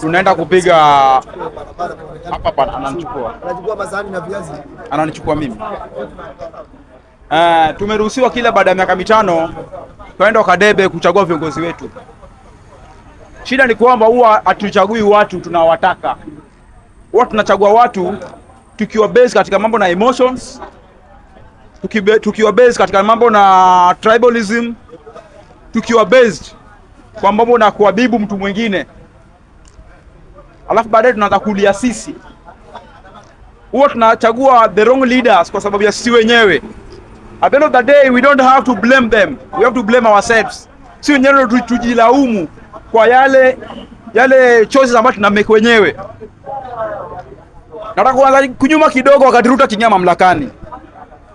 tunaenda kupiga hapa hapa, ananichukua anachukua masahani na viazi, ananichukua mimi. Uh, tumeruhusiwa kila baada ya miaka mitano tunaenda Kadebe kuchagua viongozi wetu. Shida ni kwamba huwa hatuchagui watu tunawataka, huwa tunachagua watu tukiwa base katika mambo na emotions, tukiwa base katika mambo na tribalism, tukiwa based kwa mambo na kuabibu mtu mwingine alafu baadaye tunaanza kulia sisi. Huwa tunachagua the wrong leaders kwa sababu ya sisi wenyewe. At the end of the day we don't have to blame them, we have to blame ourselves. Si wenyewe ndio tujilaumu kwa yale yale choices ambazo tuna make wenyewe. Nataka kuanza kunyuma kidogo, wakati Ruto akiingia mamlakani,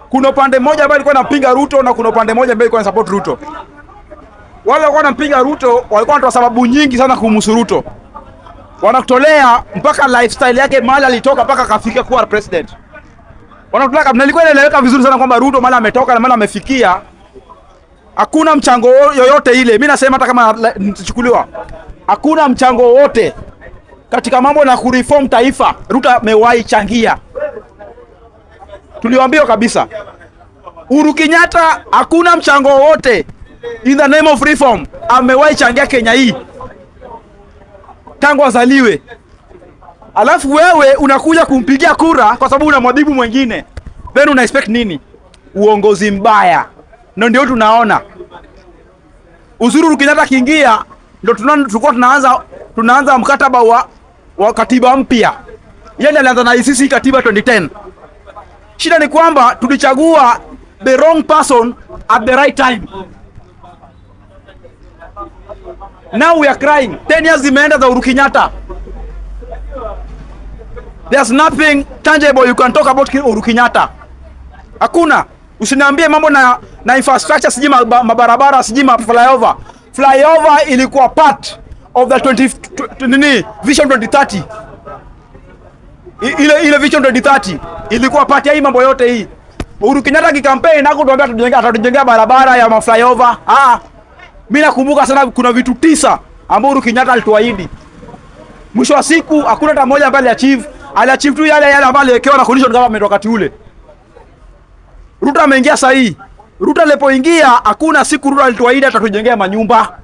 kuna upande mmoja ambaye alikuwa anapinga Ruto na kuna upande mmoja ambaye alikuwa anasupport Ruto. Wale walikuwa wanampinga Ruto walikuwa wanatoa sababu nyingi sana kumhusu Ruto wanakutolea mpaka lifestyle yake mali alitoka mpaka akafika kuwa president. Wanataka nilikuwa inaeleweka vizuri sana kwamba Ruto mali ametoka na mali amefikia hakuna mchango yoyote ile. Mimi nasema hata kama nitachukuliwa, hakuna mchango wote katika mambo na kureform taifa Ruto amewahi changia. Tuliwaambia kabisa Uhuru Kenyatta hakuna mchango wote in the name of reform amewahi changia Kenya hii tangu azaliwe, alafu wewe unakuja kumpigia kura kwa sababu una mwadhibu mwingine, then una expect nini? Uongozi mbaya. Na ndio tunaona Uhuru Kenyatta kiingia, ndio tulikuwa tunaanza tunaanza mkataba wa, wa katiba mpya ile alianza na ICC katiba 2010. Shida ni kwamba tulichagua the wrong person at the right time. Now we are crying. 10 years zimeenda za Uhuru Kenyatta. There's nothing tangible you can talk about Uhuru Kenyatta. Hakuna. Usiniambie mambo na na infrastructure siji mabarabara siji ma flyover. Flyover ilikuwa part of the 20 nini Vision 2030. Ile ile Vision 2030 ilikuwa part ya hii mambo yote hii. Uhuru Kenyatta kikampeni na kutuambia atatujengea barabara ya ma flyover. Ah. Mimi nakumbuka sana, kuna vitu tisa ambao Uhuru Kenyatta alituahidi. Mwisho wa siku hakuna hata mmoja ambaye aliachieve, aliachieve tu yale yale ambayo aliwekewa na condition kama government wakati ule. Ruto ameingia saa hii. Ruto alipoingia hakuna siku Ruto alituahidi atatujengea manyumba.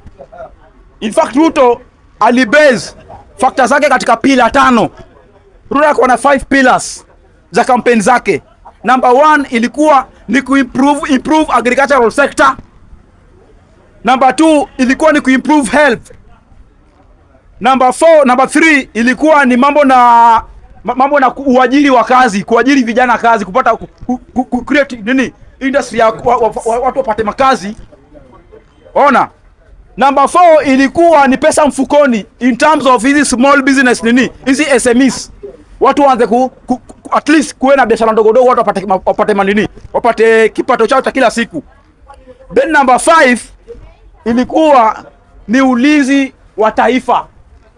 In fact Ruto alibase factors zake katika pila tano. Ruto alikuwa na five pillars za campaign zake. Number one ilikuwa ni kuimprove improve agricultural sector. Namba 2 ilikuwa ni kuimprove health. Namba 4, namba 3 ilikuwa ni mambo na mambo na uajiri wa kazi, kuajiri vijana kazi, kupata ku, ku, ku create nini industry ya wa, wa, wa, watu wapate makazi. Ona, namba 4 ilikuwa ni pesa mfukoni, in terms of hizi small business nini hizi SMEs, watu waanze ku, ku, ku, at least kuwe na biashara ndogo ndogo, watu wapate wapate manini, wapate kipato chao cha kila siku. Then number 5 ilikuwa ni ulinzi wa taifa.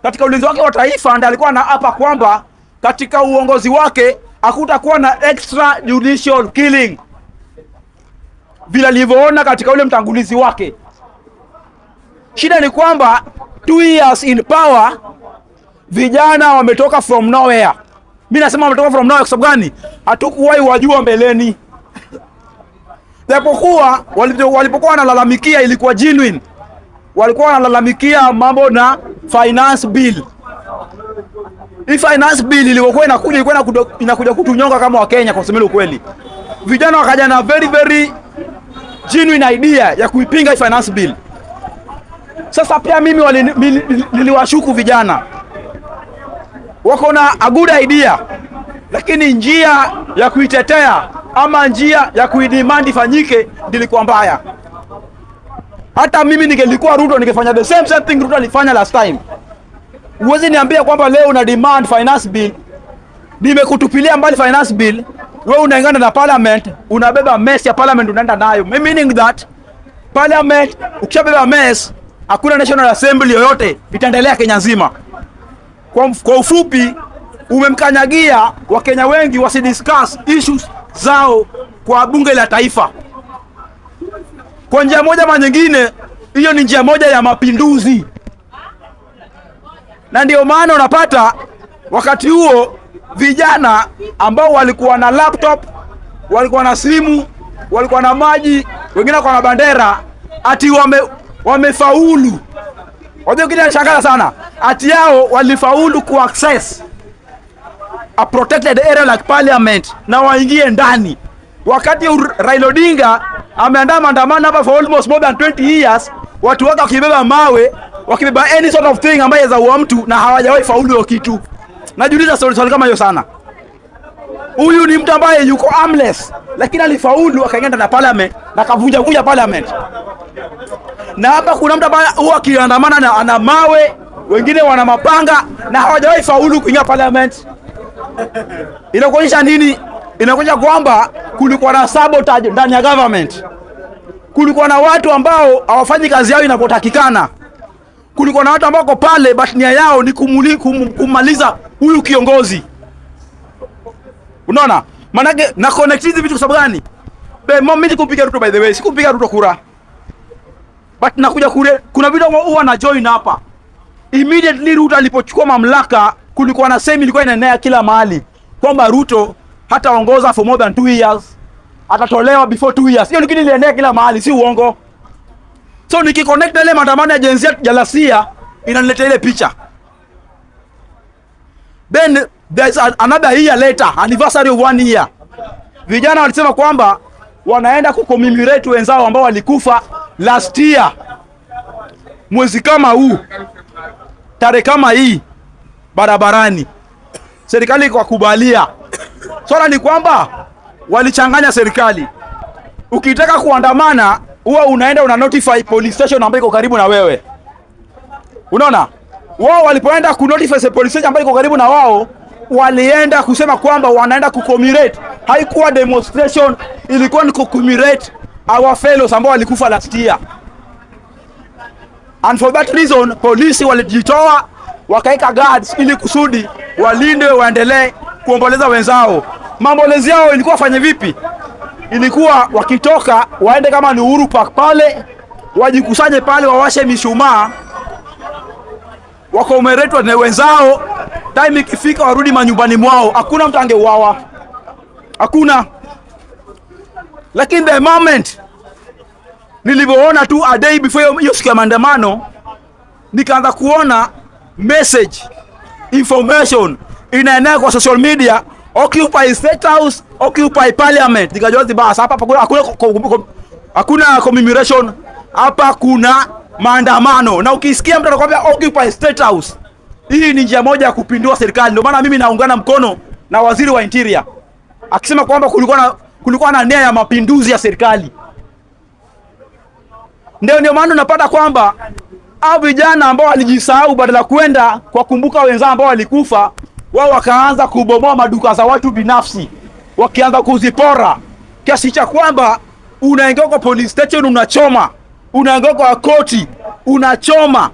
Katika ulinzi wake wa taifa ndiye alikuwa anaapa kwamba katika uongozi wake hakutakuwa na extra judicial killing vile alivyoona katika ule mtangulizi wake. Shida ni kwamba two years in power, vijana wametoka from nowhere. Mi nasema wametoka from nowhere kwa sababu gani? Hatukuwahi wajua mbeleni japokuwa walipokuwa wanalalamikia ilikuwa genuine, walikuwa wanalalamikia mambo na finance bill. Hii finance bill ilikuwa inakuja ilikuwa inakuja kutunyonga kama Kenya, kwa kusema ukweli. Vijana wakaja na very very genuine idea ya kuipinga hii finance bill. Sasa pia mimi niliwashuku vijana wako na a good idea lakini njia ya kuitetea ama njia ya kuidimandi ifanyike ndilikuwa mbaya. Hata mimi ningelikuwa Ruto ningefanya the same, same thing Ruto alifanya last time. Uwezi niambia kwamba leo una demand finance bill, nimekutupilia mbali finance bill, wewe unaingana na parliament, unabeba mess ya parliament unaenda nayo. Meaning that parliament ukishabeba mess, hakuna national assembly yoyote itaendelea Kenya nzima. Kwa, kwa ufupi umemkanyagia Wakenya wengi wasidiscuss issues zao kwa bunge la taifa. Kwa njia moja ama nyingine, hiyo ni njia moja ya mapinduzi, na ndio maana unapata wakati huo vijana ambao walikuwa na laptop, walikuwa na simu, walikuwa na maji, wengine kwa na bandera, ati wame wamefaulu. Wajua, kitu sana, ati yao walifaulu ku access a protected area like parliament na waingie ndani. Wakati Raila Odinga ameandaa maandamano hapa for almost more than 20 years, watu wake wakibeba mawe, wakibeba any sort of thing ambaye za uwa mtu na hawajawahi faulu kitu. Najiuliza swali swali kama hiyo sana. Huyu ni mtu ambaye yuko armless, lakini alifaulu akaenda na parliament na kavunja vunja parliament. Na hapa kuna mtu ambaye huwa akiandamana na ana mawe, wengine wana mapanga na hawajawahi faulu kuingia parliament. Inakuonyesha nini? Inakuonyesha kwamba kulikuwa na sabotage ndani ya government, kulikuwa na watu ambao hawafanyi kazi yao inapotakikana, kulikuwa na watu ambao wako pale, but nia yao ni kumuli, kum, kumaliza huyu kiongozi. Unaona maanake na connect hizi vitu kwa sababu gani? Be mom, Mimi sikupiga Ruto by the way, sikupiga Ruto kura but nakuja kure, kuna vitu huwa na join hapa immediately Ruto alipochukua mamlaka kulikuwa na semi ilikuwa inaenea kila mahali kwamba Ruto hataongoza for more than 2 years, atatolewa before 2 years. Hiyo ni ilienea kila mahali, si uongo. So nikiconnect ile maandamano ya Gen Z jalasia inaniletea ile picha. Then there's another year later, anniversary of one year. Vijana walisema kwamba wanaenda kucommemorate wenzao ambao walikufa last year mwezi kama huu tarehe kama hii barabarani, serikali ikakubalia. Swala ni kwamba walichanganya serikali. Ukitaka kuandamana, huwa unaenda una notify police station ambayo iko karibu na wewe, unaona. Wao walipoenda ku notify police station ambayo iko karibu na wao, walienda kusema kwamba wanaenda ku commemorate. Haikuwa demonstration, ilikuwa ni ku commemorate our fellows ambao walikufa last year, and for that reason polisi walijitoa wakaweka guards ili kusudi walinde waendelee kuomboleza wenzao. Maombolezi yao ilikuwa fanye vipi? Ilikuwa wakitoka waende kama ni Uhuru Park pale, wajikusanye pale, wawashe mishumaa, wakomeretwa na wenzao. Time ikifika warudi manyumbani mwao, hakuna mtu angeuawa, hakuna. Lakini the moment nilivyoona tu a day before hiyo siku ya maandamano, nikaanza kuona message information inaenea kwa social media, occupy state house, occupy parliament. Nikajua basi hapa hakuna hakuna commemoration hapa, kuna maandamano. Na ukisikia mtu anakuambia occupy state house, hii ni njia moja ya kupindua serikali. Ndio maana mimi naungana mkono na waziri wa interior akisema kwamba kulikuwa na kulikuwa na nia ya mapinduzi ya serikali. Ndio ndio maana unapata kwamba au vijana ambao walijisahau, badala ya kwenda kuwakumbuka wenzao ambao walikufa, wao wakaanza kubomoa maduka za watu binafsi, wakianza kuzipora kiasi cha kwamba unaingia kwa police station unachoma, unaingia kwa koti unachoma.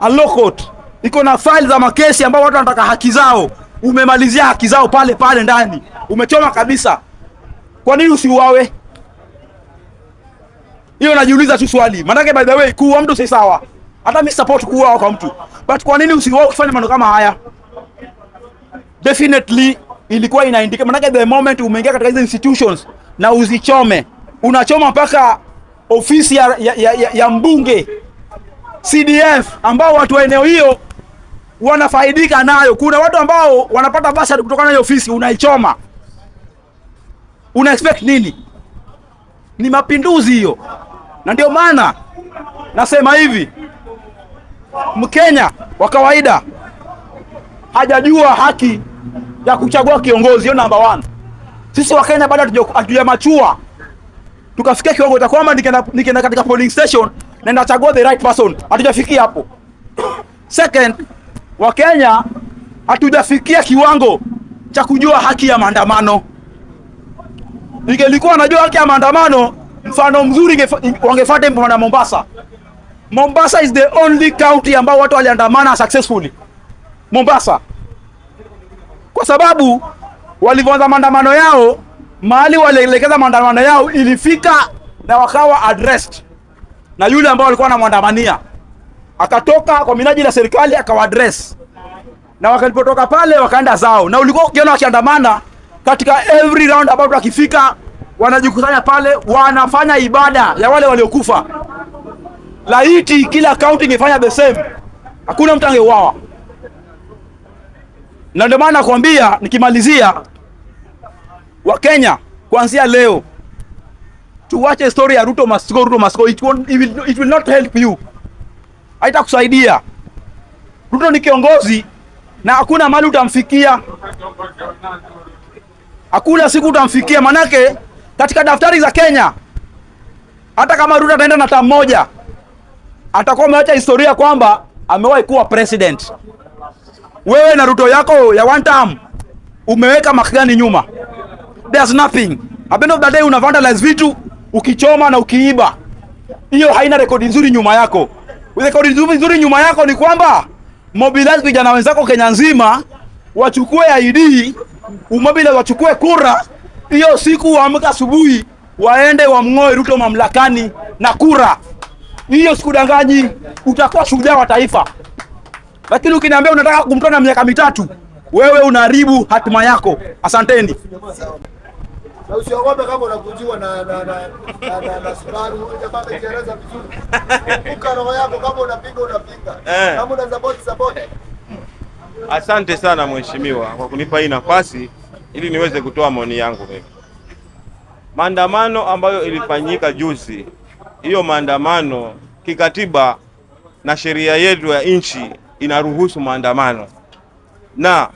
Alokot iko na faili za makesi ambao watu wanataka haki zao, umemalizia haki zao pale pale ndani, umechoma kabisa. Kwa nini usiuawe? Hiyo najiuliza tu swali, maanake by the way, kuua mtu si sawa. Hata mimi support kuua kwa mtu. But kwa nini usiwao kufanya mambo kama haya? Definitely ilikuwa ina indicate the moment umeingia katika hizo institutions na uzichome, unachoma mpaka ofisi ya, ya, ya, ya mbunge CDF ambao watu wa eneo hiyo wanafaidika nayo. Kuna watu ambao wanapata basa kutokana na ofisi, unaichoma. Una expect nini? Ni mapinduzi hiyo, na ndio maana nasema hivi Mkenya wa kawaida hajajua haki ya kuchagua kiongozi. Hiyo namba one. Sisi Wakenya bado machua tukafikia kiwango cha kwamba nikienda nikienda katika polling station na nachagua the right person. Hatujafikia hapo. Second, Wakenya hatujafikia kiwango cha kujua haki ya maandamano. Ningelikuwa najua haki ya maandamano, mfano mzuri wangefuata mpana Mombasa Mombasa is the only county ambao watu waliandamana successfully. Mombasa, kwa sababu walivyoanza maandamano yao, mahali walielekeza maandamano yao ilifika na wakawa addressed na yule ambao walikuwa wanamwandamania akatoka kwa minajili ya serikali akawa address na wakalipotoka pale wakaenda zao, na ulikuwa ukiona wakiandamana katika every round, ambao wakifika wanajikusanya pale, wanafanya ibada ya wale waliokufa. Laiti kila kaunti ingefanya the same, hakuna mtu angeuawa. Na ndio maana nakwambia, nikimalizia, wa kenya kuanzia leo tuwache story ya Ruto must go, Ruto must go. It won't, it will, it will not help you, haitakusaidia. Ruto ni kiongozi na hakuna mali utamfikia, hakuna siku utamfikia, manake katika daftari za Kenya hata kama Ruto ataenda na tamu moja atakuwa ameacha historia kwamba amewahi kuwa president. Wewe na Ruto yako ya one term umeweka makgani nyuma? There's nothing. At end of the day una vandalize vitu ukichoma na ukiiba, hiyo haina rekodi nzuri nyuma yako. Rekodi nzuri nyuma yako ni kwamba mobilize vijana wenzako Kenya nzima wachukue ID, umobile wachukue kura, hiyo siku waamka asubuhi waende wamng'oe Ruto mamlakani na kura hiyo sikudanganyi, utakuwa shujaa wa taifa. Lakini ukiniambia unataka kumtoa na miaka mitatu, wewe unaharibu hatima yako. Asanteni. Asante sana mheshimiwa kwa kunipa hii nafasi ili niweze kutoa maoni yangu mimi. Maandamano ambayo ilifanyika juzi hiyo maandamano kikatiba na sheria yetu ya nchi inaruhusu maandamano na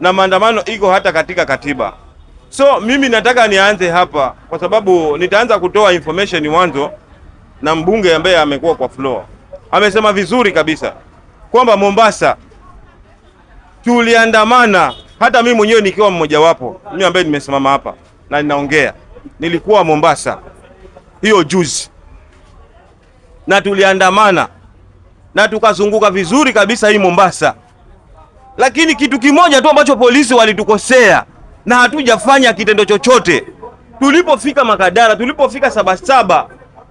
na maandamano iko hata katika katiba. So mimi nataka nianze hapa, kwa sababu nitaanza kutoa information mwanzo, na mbunge ambaye amekuwa kwa floor amesema vizuri kabisa kwamba Mombasa tuliandamana. Hata mimi mwenyewe nikiwa mmojawapo, mimi ambaye nimesimama hapa na ninaongea, nilikuwa Mombasa hiyo juzi, na tuliandamana na tukazunguka vizuri kabisa hii Mombasa, lakini kitu kimoja tu ambacho polisi walitukosea na hatujafanya kitendo chochote. Tulipofika Makadara, tulipofika Sabasaba,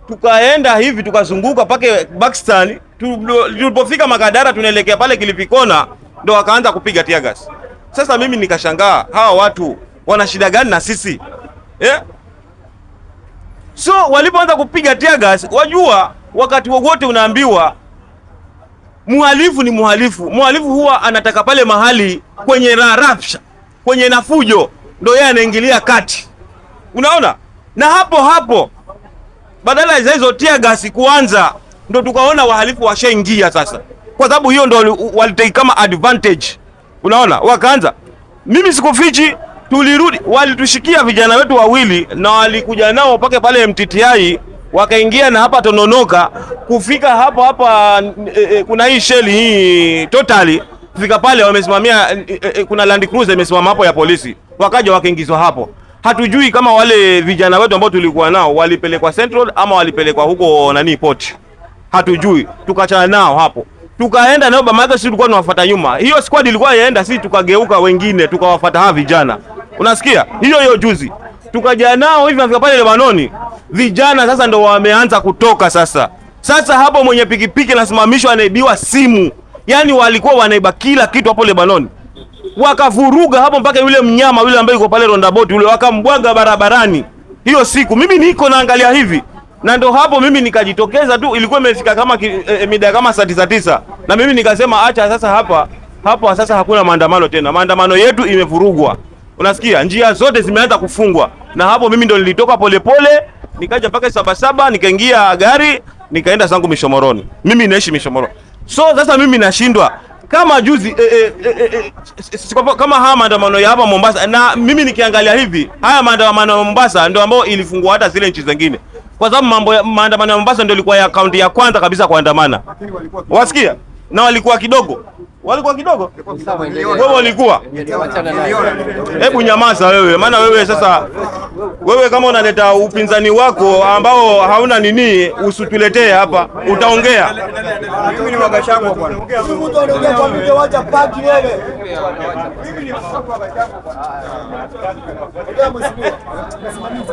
tukaenda hivi tukazunguka pake Pakistan. Tulipofika Makadara, tunaelekea pale Kilipikona, ndo wakaanza kupiga tiagas. Sasa mimi nikashangaa hawa watu wana shida gani na sisi eh? So walipoanza kupiga teargas, wajua wakati wowote unaambiwa muhalifu ni muhalifu. Muhalifu huwa anataka pale mahali kwenye rafsha, kwenye nafujo, ndio yeye anaingilia kati, unaona. Na hapo hapo badala ya hizo teargas kuanza, ndio tukaona wahalifu washaingia sasa, kwa sababu hiyo ndio walitake kama advantage, unaona, wakaanza. Mimi sikufichi tulirudi, walitushikia vijana wetu wawili na walikuja nao mpaka pale MTTI wakaingia na hapa Tononoka kufika hapa hapa eh, e, eh, e, kuna hii sheli hii totally fika pale wamesimamia e, e, kuna Land Cruiser imesimama hapo ya polisi, wakaja wakaingizwa hapo. Hatujui kama wale vijana wetu ambao tulikuwa nao walipelekwa Central ama walipelekwa huko nani port, hatujui. Tukachana nao hapo tukaenda nao bamake, sisi tulikuwa tunawafuata nyuma. Hiyo squad ilikuwa yaenda, sisi tukageuka wengine tukawafuata hawa vijana Unasikia? Hiyo hiyo juzi tukaja nao hivi nafika pale Lebanoni, vijana sasa ndo wameanza kutoka sasa. Sasa hapo mwenye pikipiki anasimamishwa, anaibiwa simu, yaani walikuwa wanaiba kila kitu hapo Lebanoni, wakavuruga hapo mpaka yule mnyama yule ambaye yuko pale Rondaboti yule wakambwaga barabarani. Hiyo siku mimi niko naangalia hivi na ndo hapo mimi nikajitokeza tu, ilikuwa imefika kama e, e, mida kama saa tisa tisa, na mimi nikasema acha sasa, hapa hapo, sasa hakuna maandamano tena, maandamano yetu imevurugwa. Unasikia, njia zote zimeanza kufungwa, na hapo mimi ndo nilitoka polepole nikaja mpaka Sabasaba, nikaingia gari nikaenda zangu Mishomoroni. Mimi naishi Mishomoroni, so sasa mimi nashindwa kama juzi eh, eh, eh, eh, eh kama haya maandamano ya hapa Mombasa, na mimi nikiangalia hivi haya maandamano ya Mombasa ndio ambayo ilifungua hata zile nchi zingine, kwa sababu mambo maandamano ya Mombasa ndio ilikuwa ya kaunti ya kwanza kabisa kuandamana wasikia na walikuwa kidogo walikuwa kidogo, wewe walikuwa. Hebu nyamaza wewe, maana wewe sasa, wewe kama unaleta upinzani wako ambao hauna nini, usituletee hapa, utaongea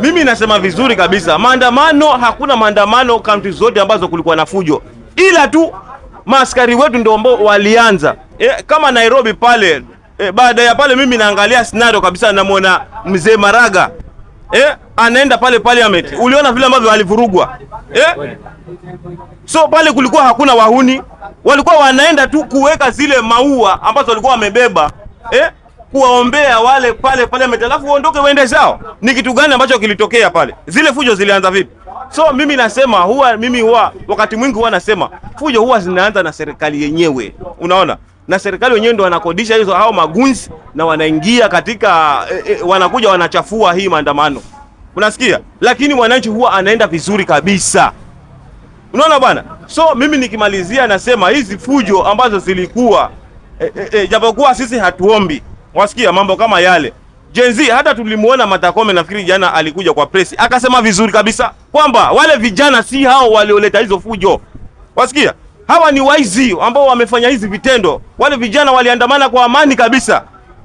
mimi nasema vizuri kabisa, maandamano, hakuna maandamano kaunti zote ambazo kulikuwa na fujo, ila tu maaskari wetu ndio ambao walianza e, kama Nairobi pale e, baada ya pale mimi naangalia scenario kabisa, namwona mzee Maraga e, anaenda pale parliament. Uliona vile ambavyo walivurugwa e? So pale kulikuwa hakuna wahuni, walikuwa wanaenda tu kuweka zile maua ambazo walikuwa wamebeba e? kuwaombea wale pale pale, alafu waondoke waende zao. Ni kitu gani ambacho kilitokea pale? Zile fujo zilianza vipi? So mimi nasema huwa mimi huwa wakati mwingi huwa nasema fujo huwa zinaanza na serikali yenyewe, unaona, na serikali wenyewe ndio wanakodisha hizo hao magunzi na wanaingia katika e, e, wanakuja wanachafua hii maandamano, unasikia. Lakini mwananchi huwa anaenda vizuri kabisa, unaona bwana. So mimi nikimalizia nasema hizi fujo ambazo zilikuwa e, e, e, japokuwa sisi hatuombi, wasikia mambo kama yale Jenzi, hata tulimuona Matakome nafikiri jana alikuja kwa press akasema vizuri kabisa kwamba wale vijana si hao walioleta hizo fujo. Wasikia? Hawa ni waizi ambao wamefanya hizi vitendo. Wale vijana waliandamana kwa amani kabisa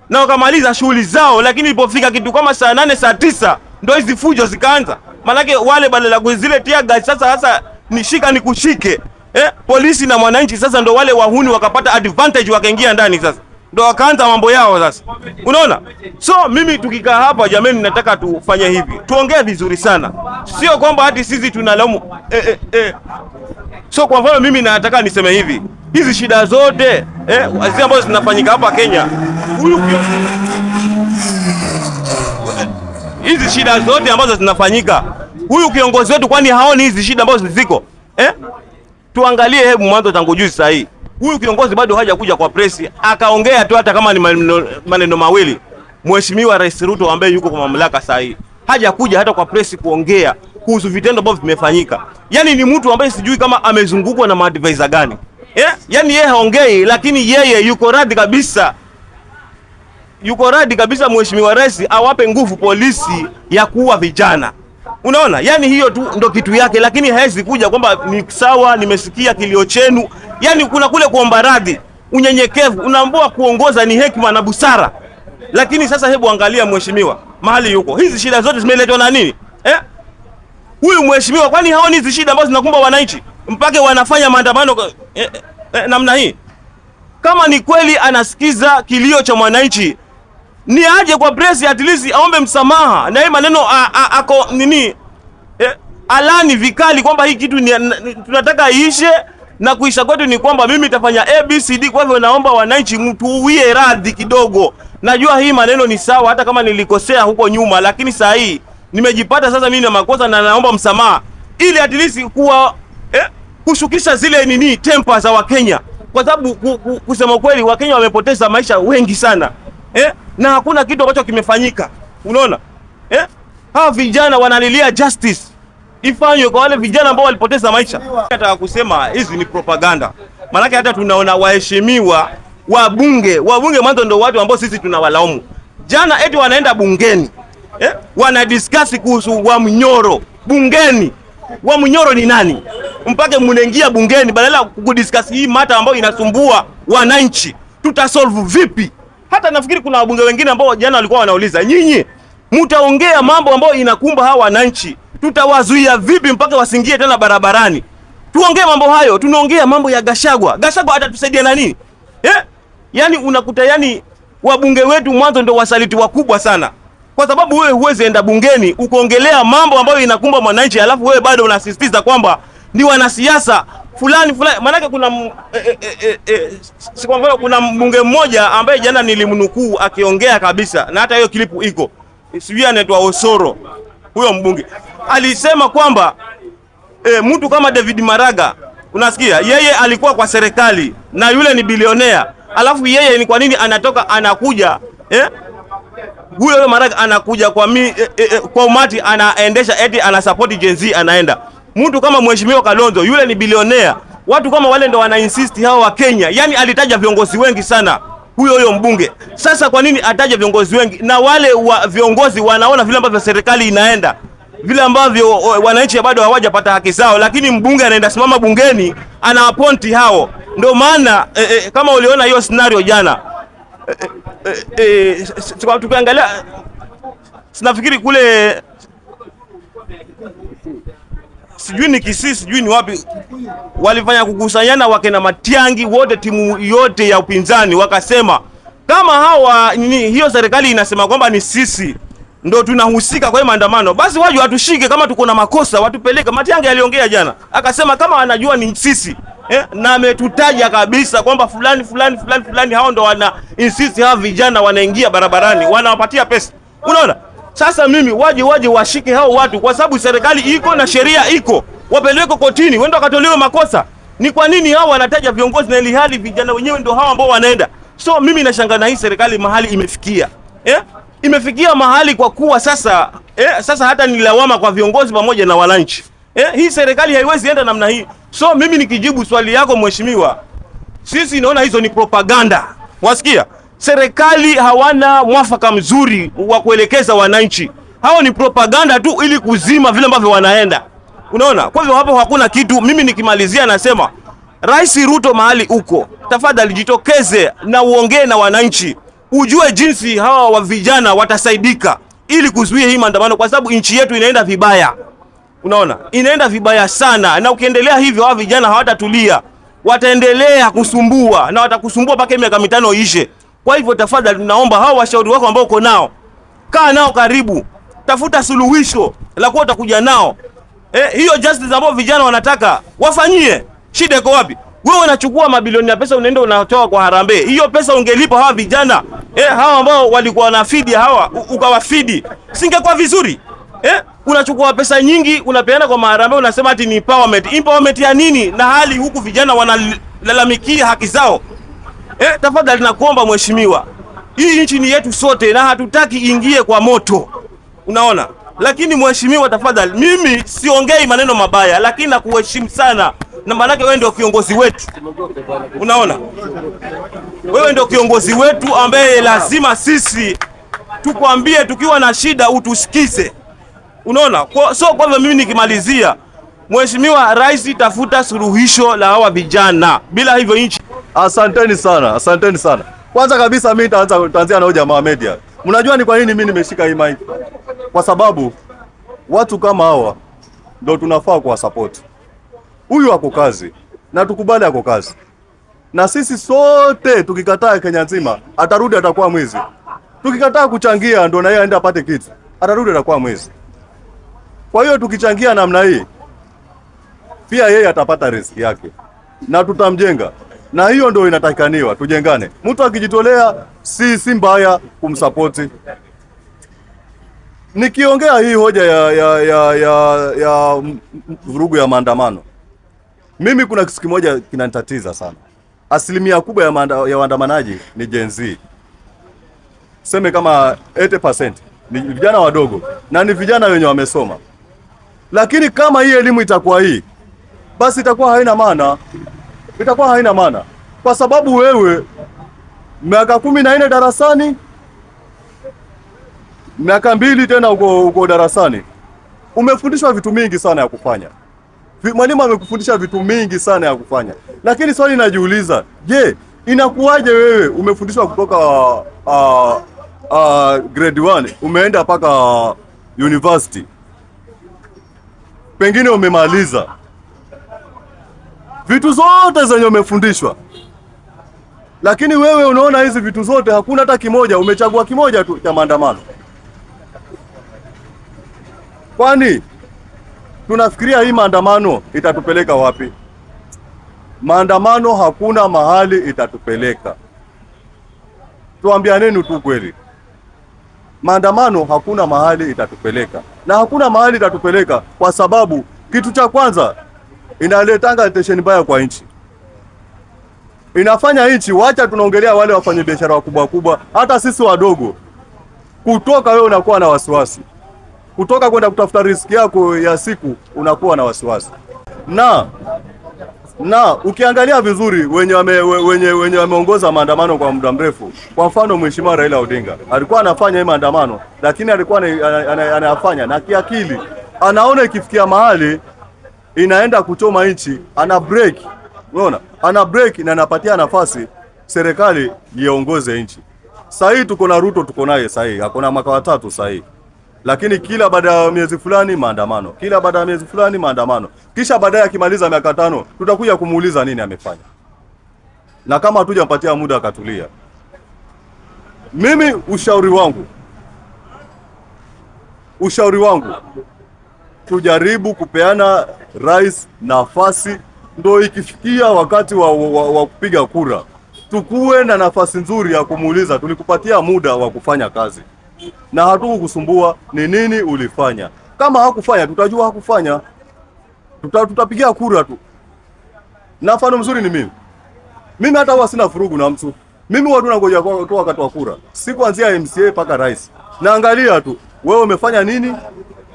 na wakamaliza shughuli zao, lakini ilipofika kitu kama saa nane saa tisa ndio hizi fujo zikaanza. Manake wale badala ya zile tia gas sasa sasa nishika nikushike. Eh, polisi na mwananchi sasa ndio wale wahuni wakapata advantage wakaingia ndani sasa ndo wakaanza mambo yao sasa. Unaona, so mimi tukikaa hapa jamani, nataka tufanye hivi, tuongee vizuri sana, sio kwamba hati sisi tunalaumu eh, eh, eh. So kwa mfano mimi nataka niseme hivi, hizi shida zote eh, zile ambazo zinafanyika hapa Kenya, huyu hizi shida zote ambazo zinafanyika, huyu kiongozi wetu kwani haoni hizi shida ambazo ziko eh? Tuangalie hebu mwanzo tangu juzi sahii Huyu kiongozi bado hajakuja kwa presi akaongea tu, hata kama ni maneno mawili. Mheshimiwa Rais Ruto ambaye yuko kwa mamlaka saa hii hajakuja hata kwa presi kuongea kuhusu vitendo ambavyo vimefanyika. Yaani ni mtu ambaye sijui kama amezungukwa na maadvisor gani yeah? Yaani yeye haongei, lakini yeye yuko radhi kabisa, yuko radhi kabisa Mheshimiwa Rais awape nguvu polisi ya kuua vijana. Unaona, yani hiyo tu ndo kitu yake, lakini hawezi kuja kwamba ni sawa, nimesikia kilio chenu. Yani kuna kule kuomba radhi, unyenyekevu, unaambua kuongoza ni hekima na busara. Lakini sasa, hebu angalia mheshimiwa mahali yuko, hizi shida zote zimeletwa na nini eh? Huyu mheshimiwa kwani haoni hizi shida ambazo zinakumba wananchi mpaka wanafanya maandamano eh, eh, eh, namna hii? Kama ni kweli anasikiza kilio cha mwananchi ni aje kwa presi at least aombe msamaha na hii maneno ako nini eh, alani vikali kwamba hii kitu ni, tunataka iishe na kuisha kwetu ni kwamba mimi nitafanya ABCD. Kwa hivyo naomba wananchi mtuwie radhi kidogo. Najua hii maneno ni sawa, hata kama nilikosea huko nyuma, lakini saa hii nimejipata sasa mimi na makosa na naomba msamaha, ili at least kuwa eh, kushukisha zile nini tempa za Wakenya, kwa sababu kusema kweli Wakenya wamepoteza maisha wengi sana eh? na hakuna kitu ambacho kimefanyika. Unaona eh? hawa vijana wanalilia justice ifanywe kwa wale vijana ambao walipoteza maisha. Nataka kusema hizi ni propaganda, maanake hata tunaona waheshimiwa wabunge wabunge mwanzo ndio watu ambao sisi tunawalaumu. Jana eti wanaenda bungeni eh? discuss kuhusu Wamnyoro bungeni. Wamnyoro ni nani mpaka mnaingia bungeni badala ya kudiscuss hii mata ambayo inasumbua wananchi? Tutasolve vipi? Hata nafikiri kuna wabunge wengine ambao jana walikuwa wanauliza, nyinyi mtaongea mambo ambayo inakumba hawa wananchi, tutawazuia vipi mpaka wasingie tena barabarani? Tuongee mambo hayo. Tunaongea mambo ya Gashagwa. Gashagwa atatusaidia na nini eh? Yani unakuta yani wabunge wetu mwanzo ndio wasaliti wakubwa sana, kwa sababu wewe huwezi enda bungeni ukuongelea mambo ambayo inakumba mwananchi, alafu wewe bado unasisitiza kwamba ni wanasiasa fulani fulani, maanake kuna eh, eh, eh, eh, eh sikwambia kuna mbunge mmoja ambaye jana nilimnukuu akiongea kabisa, na hata hiyo klipu iko, sijui anaitwa Osoro huyo mbunge alisema kwamba eh, mtu kama David Maraga unasikia, yeye alikuwa kwa serikali na yule ni bilionea, alafu yeye ni kwa nini anatoka anakuja eh? Huyo Maraga anakuja kwa mi, eh, eh, eh kwa umati anaendesha eti anasapoti Gen Z anaenda mtu kama mheshimiwa Kalonzo yule ni bilionea. Watu kama wale ndo wana insist hao wa Kenya. Yani alitaja viongozi wengi sana huyo huyo mbunge. Sasa kwa nini ataja viongozi wengi na wale wa viongozi wanaona vile ambavyo serikali inaenda vile ambavyo wananchi bado hawajapata haki zao, lakini mbunge anaenda simama bungeni ana hao. Ndio maana e, e, kama uliona hiyo scenario jana e, e, e, e tukiangalia sinafikiri kule sijui ni Kisii, sijui ni wapi, walifanya kukusanyana wake na Matiangi wote, timu yote ya upinzani, wakasema kama hawa ni, hiyo serikali inasema kwamba ni sisi ndo tunahusika kwa maandamano, basi waje watushike, kama tuko na makosa watupeleke. Matiangi aliongea jana akasema kama anajua ni sisi eh, na ametutaja kabisa kwamba fulani fulani fulani fulani hao ndo wana insist, hao vijana wanaingia barabarani wanawapatia pesa, unaona sasa mimi waje waje washike hao watu, kwa sababu serikali iko na sheria iko, wapelekwe kotini, wende wakatolewe makosa. Ni kwa nini hao wanataja viongozi na ili hali vijana wenyewe ndio hao ambao wanaenda? So mimi nashangaa na hii serikali mahali imefikia eh? Imefikia mahali kwa kuwa sasa eh, sasa hata nilawama kwa viongozi pamoja na wananchi eh? Hii serikali haiwezi enda namna hii. So mimi nikijibu swali yako mheshimiwa, sisi naona hizo ni propaganda, wasikia? serikali hawana mwafaka mzuri wa kuelekeza wananchi. Hao ni propaganda tu ili kuzima vile ambavyo wanaenda, unaona. Kwa hivyo hapo hakuna kitu. Mimi nikimalizia nasema Rais Ruto, mahali uko, tafadhali jitokeze na uongee na wananchi, ujue jinsi hawa wa vijana watasaidika ili kuzuia hii maandamano, kwa sababu nchi yetu inaenda vibaya. Unaona, inaenda vibaya sana, na ukiendelea hivyo hawa vijana hawatatulia, wataendelea kusumbua na watakusumbua mpaka miaka mitano ishe. Kwa hivyo tafadhali, tunaomba hao washauri wako ambao uko nao, kaa nao karibu, tafuta suluhisho la kuwa utakuja nao eh, hiyo justice ambayo vijana wanataka wafanyie. Shida iko wapi? Wewe unachukua mabilioni ya pesa unaenda unatoa kwa harambee. Hiyo pesa ungelipa hawa vijana eh, hawa ambao walikuwa na fidi hawa, ukawafidi singekuwa vizuri eh? Unachukua pesa nyingi unapeana kwa maharambee, unasema ati ni empowerment. Empowerment ya nini, na hali huku vijana wanalalamikia haki zao. Eh, tafadhali nakuomba mheshimiwa, hii nchi ni yetu sote na hatutaki ingie kwa moto, unaona. Lakini mheshimiwa, tafadhali, mimi siongei maneno mabaya, lakini nakuheshimu sana na maanake wewe ndio kiongozi wetu, unaona, wewe ndio kiongozi wetu ambaye lazima sisi tukwambie tukiwa na shida utusikize, unaona. So kwa hivyo mimi nikimalizia, mheshimiwa rais, tafuta suluhisho la hawa vijana, bila hivyo nchi Asanteni sana, asanteni sana. Kwanza kabisa mimi nitaanza kuanzia na Ujamaa Media. Mnajua ni kwa nini mimi nimeshika hii mic? Kwa sababu watu kama hawa ndio tunafaa kuwa support. Huyu ako kazi na tukubali ako kazi, na sisi sote tukikataa, Kenya nzima atarudi atakuwa mwizi. Tukikataa kuchangia, ndio na yeye aende apate kitu, atarudi atakuwa mwizi. Kwa hiyo tukichangia namna hii, pia yeye atapata riziki yake na tutamjenga na hiyo ndio inatakikaniwa, tujengane. Mtu akijitolea, si si mbaya kumsapoti. Nikiongea hii hoja ya ya ya, ya, ya vurugu ya maandamano, mimi kuna kitu kimoja kinanitatiza sana. Asilimia kubwa ya, manda, ya waandamanaji ni Gen Z, seme kama 80% ni vijana wadogo na ni vijana wenye wamesoma, lakini kama hii elimu itakuwa hii, basi itakuwa haina maana itakuwa haina maana, kwa sababu wewe miaka kumi na nne darasani, miaka mbili tena uko, uko darasani, umefundishwa vitu mingi sana ya kufanya. Mwalimu amekufundisha vitu mingi sana ya kufanya, lakini swali najiuliza, je, inakuwaje wewe umefundishwa kutoka uh, uh, grade one umeenda mpaka ah, university, pengine umemaliza vitu zote zenye umefundishwa, lakini wewe unaona hizi vitu zote hakuna hata kimoja, umechagua kimoja tu cha maandamano. Kwani tunafikiria hii maandamano itatupeleka wapi? Maandamano hakuna mahali itatupeleka. Tuambianeni tu kweli, maandamano hakuna mahali itatupeleka, na hakuna mahali itatupeleka kwa sababu kitu cha kwanza inaletanga tesheni mbaya kwa nchi, inafanya nchi. Wacha tunaongelea wale biashara wakubwa kubwa, hata sisi wadogo. Kutoka wewe unakuwa na wasiwasi, kutoka kwenda kutafuta riziki yako ya siku unakuwa na wasiwasi na na ukiangalia vizuri wenye wameongoza wenye, wenye maandamano kwa muda mrefu, kwa mfano Mheshimiwa Raila Odinga alikuwa anafanya hii maandamano, lakini alikuwa anayafanya na kiakili, anaona ikifikia mahali inaenda kuchoma nchi, ana break, unaona, ana break na anapatia nafasi serikali iongoze nchi. Sasa hii tuko na Ruto, tuko naye sasa hii akona mwaka watatu sasa hii, lakini kila baada ya miezi fulani maandamano, kila baada ya miezi fulani maandamano, kisha baadaye akimaliza miaka tano tutakuja kumuuliza nini amefanya, na kama hatujampatia muda akatulia. Mimi ushauri wangu ushauri wangu tujaribu kupeana rais nafasi, ndo ikifikia wakati wa, wa, wa kupiga kura tukuwe na nafasi nzuri ya kumuuliza tulikupatia muda wa kufanya kazi na hatukukusumbua, ni nini ulifanya? Kama hakufanya tutajua hakufanya, tuta, tutapigia kura tu. Na mfano mzuri ni mimi, mimi hata huwa sina furugu na mtu, mimi huwa tunangoja tu wakati wa kura, si kuanzia MCA mpaka rais, naangalia tu wewe umefanya nini,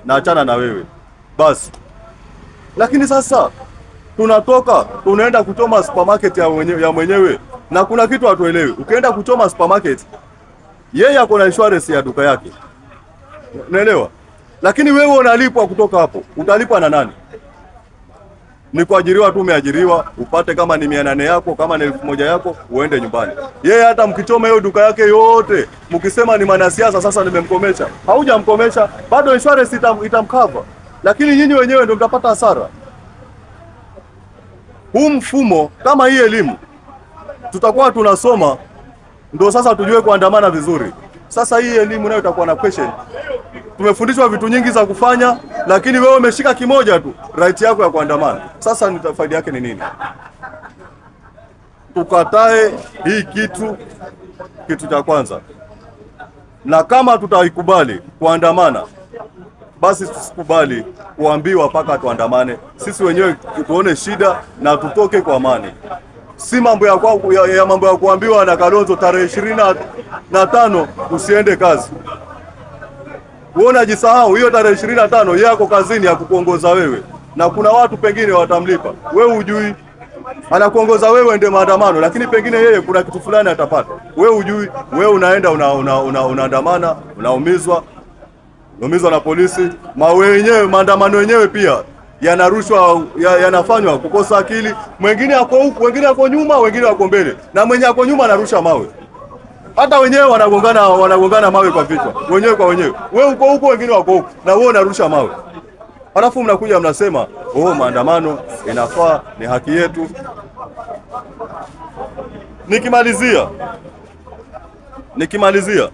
naachana na wewe basi lakini sasa tunatoka tunaenda kuchoma supermarket ya mwenyewe, ya mwenyewe na kuna kitu hatuelewi. Ukienda kuchoma supermarket, yeye ako na insurance ya duka yake, unaelewa? Lakini wewe unalipwa kutoka hapo, utalipwa na nani? Ni kuajiriwa tu, umeajiriwa upate kama ni mia nane yako kama ni elfu moja yako uende nyumbani. Yeye hata mkichoma hiyo duka yake yote, mkisema ni mwanasiasa, sasa nimemkomesha, haujamkomesha bado, insurance itamcover ita lakini nyinyi wenyewe ndio mtapata hasara. Huu mfumo kama hii elimu tutakuwa tunasoma ndio sasa tujue kuandamana vizuri. Sasa hii elimu nayo itakuwa na question. Tumefundishwa vitu nyingi za kufanya, lakini wewe umeshika kimoja tu, right yako ya kuandamana. Sasa faida yake ni nini? Tukatae hii kitu, kitu cha kwanza, na kama tutaikubali kuandamana basi tusikubali kuambiwa mpaka tuandamane. Sisi wenyewe tuone shida na tutoke kwa amani, si mambo ya, ya, ya mambo ya kuambiwa na Kalonzo tarehe ishirini na tano usiende kazi. Wewe jisahau hiyo tarehe ishirini na tano yako kazini ya kukuongoza wewe, na kuna watu pengine watamlipa wewe, hujui anakuongoza wewe ende maandamano, lakini pengine yeye kuna kitu fulani atapata, wewe hujui. Wewe unaenda unaandamana, una, una, una unaumizwa naumizwa na polisi, mawe yenyewe, maandamano yenyewe pia yanarushwa yanafanywa ya kukosa akili. Mwengine ako huku, wengine ako nyuma, wengine wako mbele, na mwenye ako nyuma anarusha mawe, hata wenyewe wanagongana, wanagongana mawe kwa vichwa, wenyewe kwa wenyewe. Wewe uko huku, wengine wako huku, na wewe unarusha mawe, halafu mnakuja mnasema oh, maandamano inafaa, ni haki yetu. Nikimalizia, nikimalizia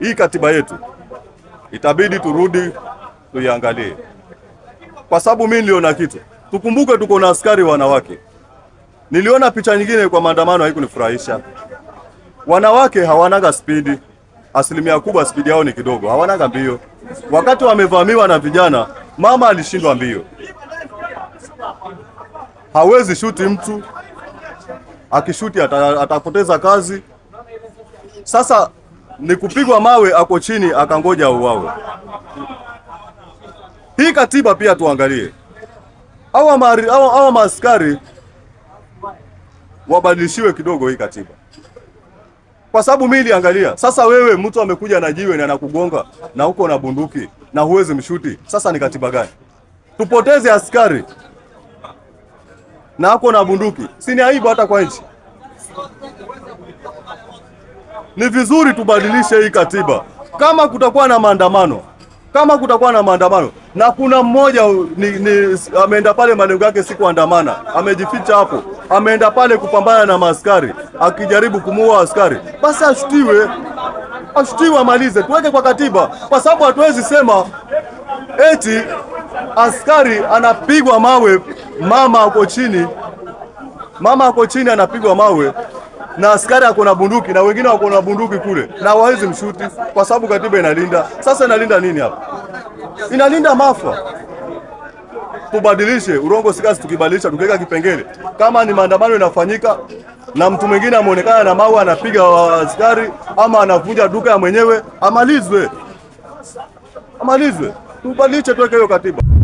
hii katiba yetu itabidi turudi tuiangalie, kwa sababu mimi niliona kitu. Tukumbuke tuko na askari wanawake. Niliona picha nyingine kwa maandamano, haikunifurahisha. Wanawake hawanaga spidi, asilimia kubwa spidi yao ni kidogo, hawanaga mbio. Wakati wamevamiwa na vijana, mama alishindwa mbio, hawezi shuti mtu, akishuti atapoteza kazi. Sasa ni kupigwa mawe, ako chini akangoja uwawe. Hii katiba pia tuangalie, hawa maaskari wabadilishiwe kidogo hii katiba, kwa sababu mimi niliangalia. Sasa wewe mtu amekuja na jiwe na anakugonga na uko na bunduki na huwezi mshuti, sasa ni katiba gani? Tupoteze askari na ako na bunduki, si ni aibu hata kwa nchi? ni vizuri tubadilishe hii katiba. Kama kutakuwa na maandamano, kama kutakuwa na maandamano, na kuna mmoja ni, ni, ameenda pale, malengo yake si kuandamana, amejificha hapo, ameenda pale kupambana na maaskari, akijaribu kumuua askari, basi ashutiwe, ashutiwe, amalize, tuweke kwa katiba, kwa sababu hatuwezi sema eti askari anapigwa mawe, mama ako chini, mama ako chini anapigwa mawe na askari ako na bunduki na wengine wako na bunduki kule, na hawawezi mshuti kwa sababu katiba inalinda. Sasa inalinda nini hapa? Inalinda maafa. Tubadilishe urongo sikazi, tukibadilisha tukiweka kipengele kama ni maandamano inafanyika na mtu mwingine ameonekana na mawe anapiga askari ama anavunja duka ya mwenyewe, amalizwe, amalizwe. Tubadilishe, tuweke hiyo katiba.